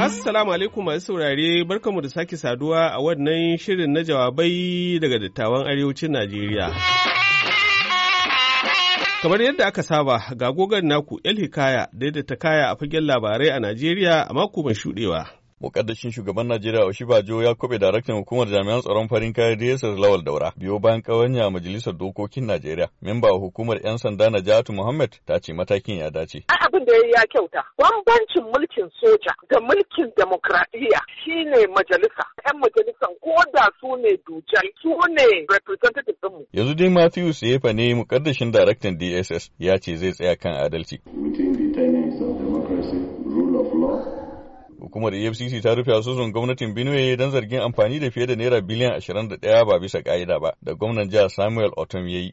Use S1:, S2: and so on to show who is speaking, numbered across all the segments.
S1: Assalamu alaikum masu saurare barkamu da sake saduwa a wannan shirin na jawabai daga dattawan arewacin Najeriya. Kamar yadda aka saba ga gogon naku El Hikaya daidaita kaya a fagen labarai a Najeriya a mako mai shuɗewa. mukaddashin shugaban Najeriya Oshibajo ya kobe daraktan hukumar jami'an tsaron farin kaya DSS Lawal Daura biyo bayan kawanya majalisar dokokin Najeriya. Memba hukumar 'yan sanda na Najatu Muhammad ta ce matakin ya dace. Abin
S2: da ya kyauta. Bambancin mulkin soja da mulkin demokradiyya shine majalisa. 'Yan majalisan ko da su ne dujal su ne representative ɗinmu.
S1: Yanzu dai Matthew Sefa ne mukaddashin daraktan DSS ya ce zai tsaya kan adalci. Within the tenets of democracy, rule of law, Hukumar EFCC ta rufe asusun gwamnatin Benue don zargin amfani da fiye da naira biliyan 21 ba bisa ka'ida ba da gwamnan jihar Samuel Otom ya yi.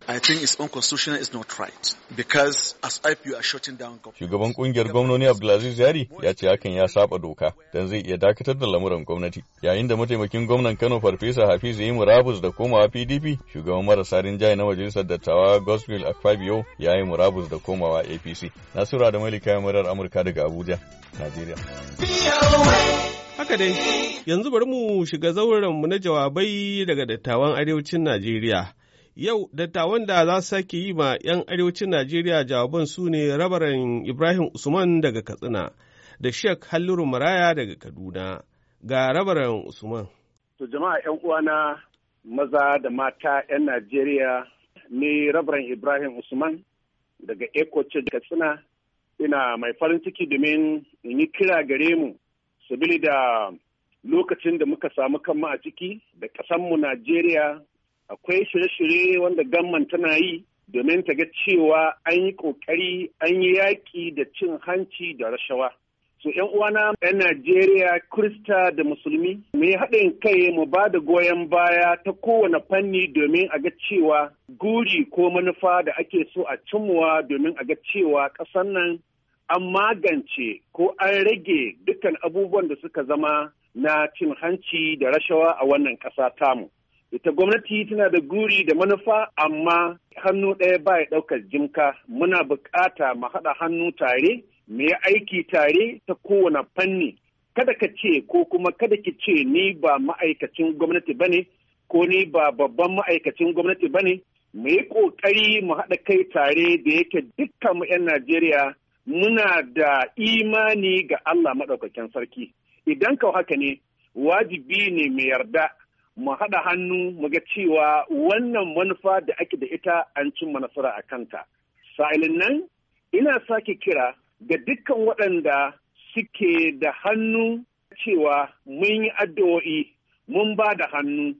S1: Shugaban kungiyar gwamnoni Abdulaziz Yari ya ce hakan ya saba doka don zai iya dakatar da lamuran gwamnati. Yayin da mataimakin gwamnan Kano Farfesa Hafiz yi murabus da komawa PDP, shugaban marasa rinjaye na majalisar dattawa Gospel Akfabio ya yi murabus da komawa APC. Nasura da Malika Murar Amurka daga Abuja, Najeriya. Haka dai, yanzu bari mu shiga zaurenmu na jawabai daga dattawan arewacin Najeriya. Yau, dattawan da za su sake yi ma 'yan arewacin Najeriya jawaban su ne rabaran Ibrahim Usman daga Katsina da Sheikh Halliru Maraya daga Kaduna. Ga rabaran Usman.
S2: To jama'a 'yan uwana maza da mata 'yan Najeriya ne rabaran Ibrahim Usman daga Eko Katsina ina mai farin ciki domin in yi kira gare mu sabili da lokacin da muka samu kanmu a ciki da ƙasanmu Najeriya akwai shirye-shirye wanda gamman tana yi domin ta ga cewa an yi ƙoƙari an yi yaƙi da cin hanci da rashawa. So ‘yan uwana ‘yan Najeriya, Krista da Musulmi, mu haɗin kai mu ba da goyon baya ta kowane fanni domin a ga cewa guri ko manufa da ake so a cimuwa domin a ga cewa ƙasan nan an magance ko an rage dukkan abubuwan da suka zama na cin hanci da rashawa a wannan ƙasa tamu. Ita gwamnati tana da guri da manufa amma hannu ɗaya ba ya ɗaukar jimka muna buƙata mu haɗa hannu tare mu yi aiki tare ta kowane fanni kada ka ce ko kuma kada ki ce ni ba ma'aikacin gwamnati ba ne ko ni ba babban ma'aikacin gwamnati ba ne mu yi ƙoƙari mu haɗa kai tare da yake dukkan mu 'yan Najeriya muna da imani ga Allah maɗaukakin sarki. Idan kau haka ne, wajibi ne mai yarda mu haɗa hannu mu ga cewa wannan manufa da ake da ita an cimma nasara a kanta. Sa'ilin nan, ina sake kira ga dukkan waɗanda suke da hannu cewa mun yi addu'o'i, mun ba da hannu.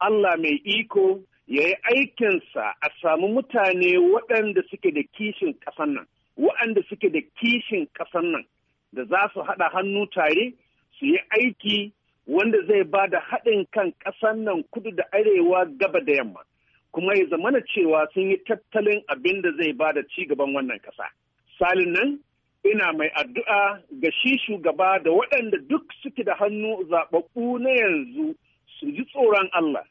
S2: Allah mai iko ya yi aikinsa a samu mutane waɗanda suke da kishin ƙasan nan. waɗanda suke da kishin ƙasar nan da za su haɗa hannu tare su yi aiki wanda zai ba da haɗin kan ƙasar nan kudu da arewa gaba da yamma kuma ya zamana cewa sun yi tattalin abin da zai ba da ci gaban wannan ƙasa. Salin nan ina mai addu'a ga shi shugaba da waɗanda duk suke da hannu zaɓaɓɓu na yanzu su ji tsoron Allah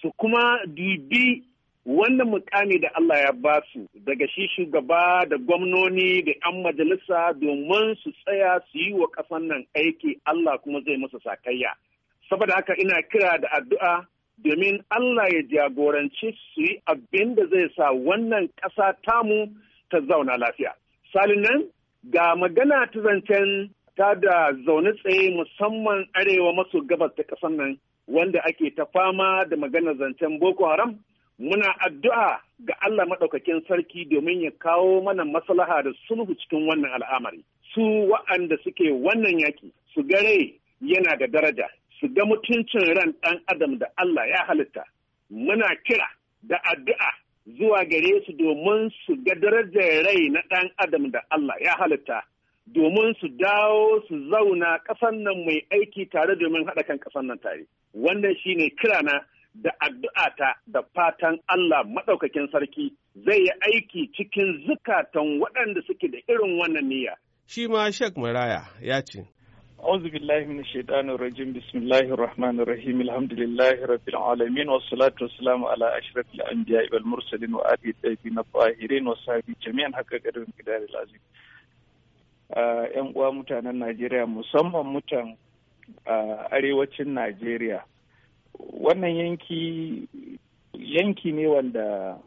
S2: su kuma dubi wannan mukami da Allah ya ba su daga shi shugaba da gwamnoni da 'yan majalisa domin su tsaya su yi wa ƙasan nan aiki Allah kuma zai masa sakayya. Saboda haka ina kira da addu'a domin Allah ya jagoranci su yi abin da zai sa wannan ƙasa tamu ta zauna lafiya. Salinan ga magana ta zancen ta da zaune tsaye musamman arewa maso gabas ta ƙasar nan wanda ake ta fama da maganar zancen Boko Haram. muna addu'a ga Allah maɗaukakin sarki domin ya kawo mana maslaha da sulhu cikin wannan al'amari. Su wa'anda suke wannan yaƙi su gare yana da daraja, su ga mutuncin ran ɗan adam da Allah ya halitta. Muna kira da addu'a zuwa gare su domin su ga darajar rai na ɗan adam da Allah ya halitta. domin su dawo su zauna ƙasan nan mai aiki tare domin haɗa kan ƙasan nan tare. Wannan shine kirana da addu'ata da fatan Allah maɗaukakin sarki zai yi aiki cikin zukatan waɗanda suke da irin wannan niyya.
S1: Shi ma Sheikh Maraya ya ce.
S2: A'udhu billahi minash shaitanir rajim bismillahir
S3: rahmanir rahim alhamdulillahi rabbil alamin was salatu wa salamu ala ashrafil anbiya wal mursalin wa ali dabi na fahirin wa sahibi jami'an haka garin gidaril azim ah, yan uwa mutanen Najeriya musamman mutan ah, arewacin Najeriya wannan yanki yanki ne wanda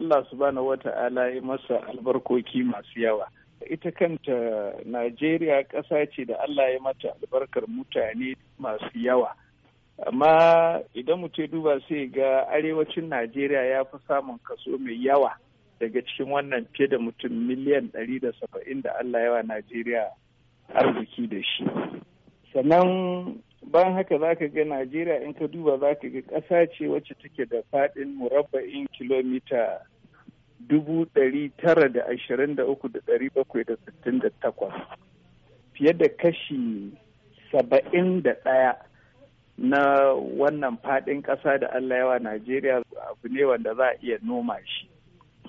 S3: Allah subhanahu wata'ala ya masa albarkoki masu yawa ita kanta Najeriya ƙasa ce da Allah ya mata albarkar mutane masu yawa amma idan mutum duba sai ga arewacin Najeriya ya fi samun kaso mai yawa daga cikin wannan fiye da mutum miliyan ɗari da saba'in da Allah yawa Najeriya arziki da shi sannan bayan haka za ka ga najeriya in ka duba za ka ga ƙasa ce wacce take da faɗin murabba'in kilomita dubu ɗari tara da ashirin da uku da ɗari bakwai da sittin da takwas fiye da kashi saba'in da ɗaya na wannan faɗin ƙasa da allah yawa najeriya abu ne wanda za a iya noma shi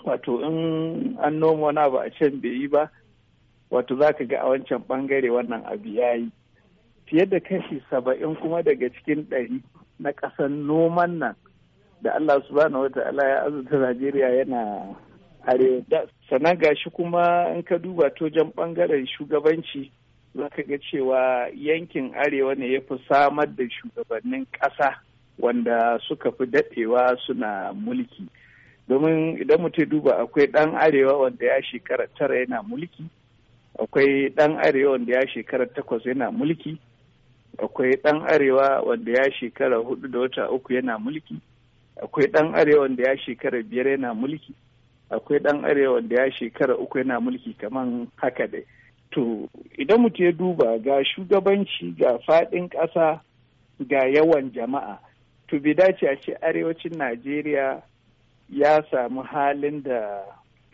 S3: wato in an noma wani abu a can bai yi ba wato za ka ga a wancan ɓangare wannan abu ya yi fiye da kashi saba'in kuma daga cikin ɗari na ƙasar noman nan da Allah subhanahu wata'ala ya azurta Najeriya yana arewa. Sannan gashi kuma in ka duba tojan ɓangaren shugabanci za ka ga cewa yankin arewa ne ya fi samar da shugabannin ƙasa wanda suka fi daɗewa suna mulki. Domin idan mutum duba akwai ɗan arewa wanda ya shekara tara yana mulki, akwai ɗan arewa wanda ya shekara takwas yana mulki. akwai ɗan arewa wanda ya shekara hudu da wata uku yana mulki akwai ɗan arewa wanda ya shekara biyar yana mulki akwai ɗan arewa wanda ya shekara uku yana mulki kaman haka dai to idan mutum ya duba ga shugabanci ga faɗin ƙasa ga yawan jama'a to bai dace a ce arewacin najeriya ya samu halin da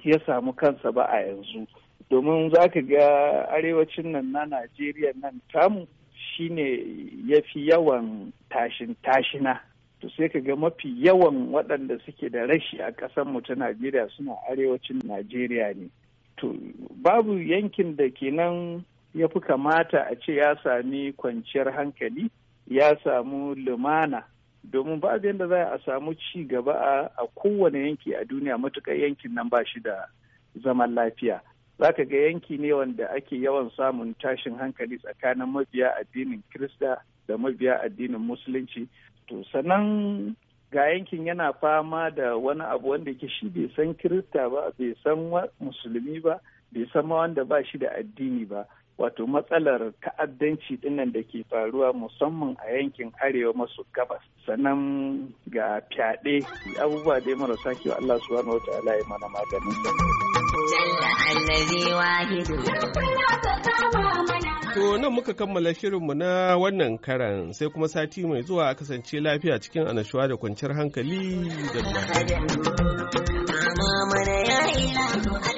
S3: ya samu kansa ba a yanzu domin za ka ga arewacin nan na najeriya nan tamu shine ya fi yawan tashin tashina to sai ka ga mafi yawan waɗanda suke da rashi a ƙasar mu ta najeriya suna arewacin najeriya ne to babu yankin da kenan ya fi kamata a ce ya sami kwanciyar hankali ya samu lumana domin babu yadda za a samu ci gaba a kowane yanki a duniya matuƙar yankin nan ba shi da zaman lafiya za ka ga yanki ne wanda ake yawan samun tashin hankali tsakanin mabiya addinin Kirista da mabiya addinin Musulunci. To sannan ga yankin yana fama da wani abu wanda ke shi bai san Kirista ba, bai san Musulmi ba, bai san ma wanda ba shi da addini ba. Wato matsalar ta'addanci dinnan da ke faruwa musamman a yankin arewa maso gabas. Sannan ga fyaɗe abubuwa dai marasa kyau Allah
S1: subhanahu wa ta'ala ya mana maganin.
S3: allazi wahidu. To
S1: nan muka kammala shirinmu na wannan karan sai kuma sati mai zuwa a kasance lafiya cikin anashuwa da kwanciyar hankali da
S2: Mama